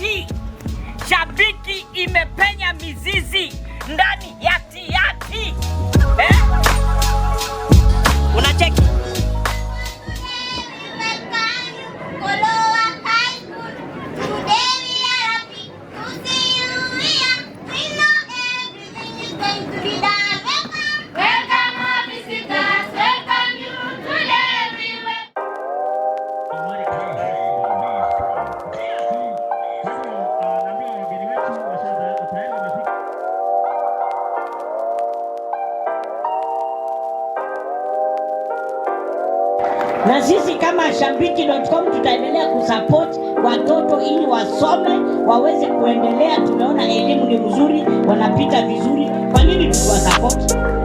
你下冰。na sisi kama Shabiki.com tutaendelea kusupport watoto ili wasome waweze kuendelea. Tumeona elimu ni mzuri, wanapita vizuri, kwa nini tusiwasupport?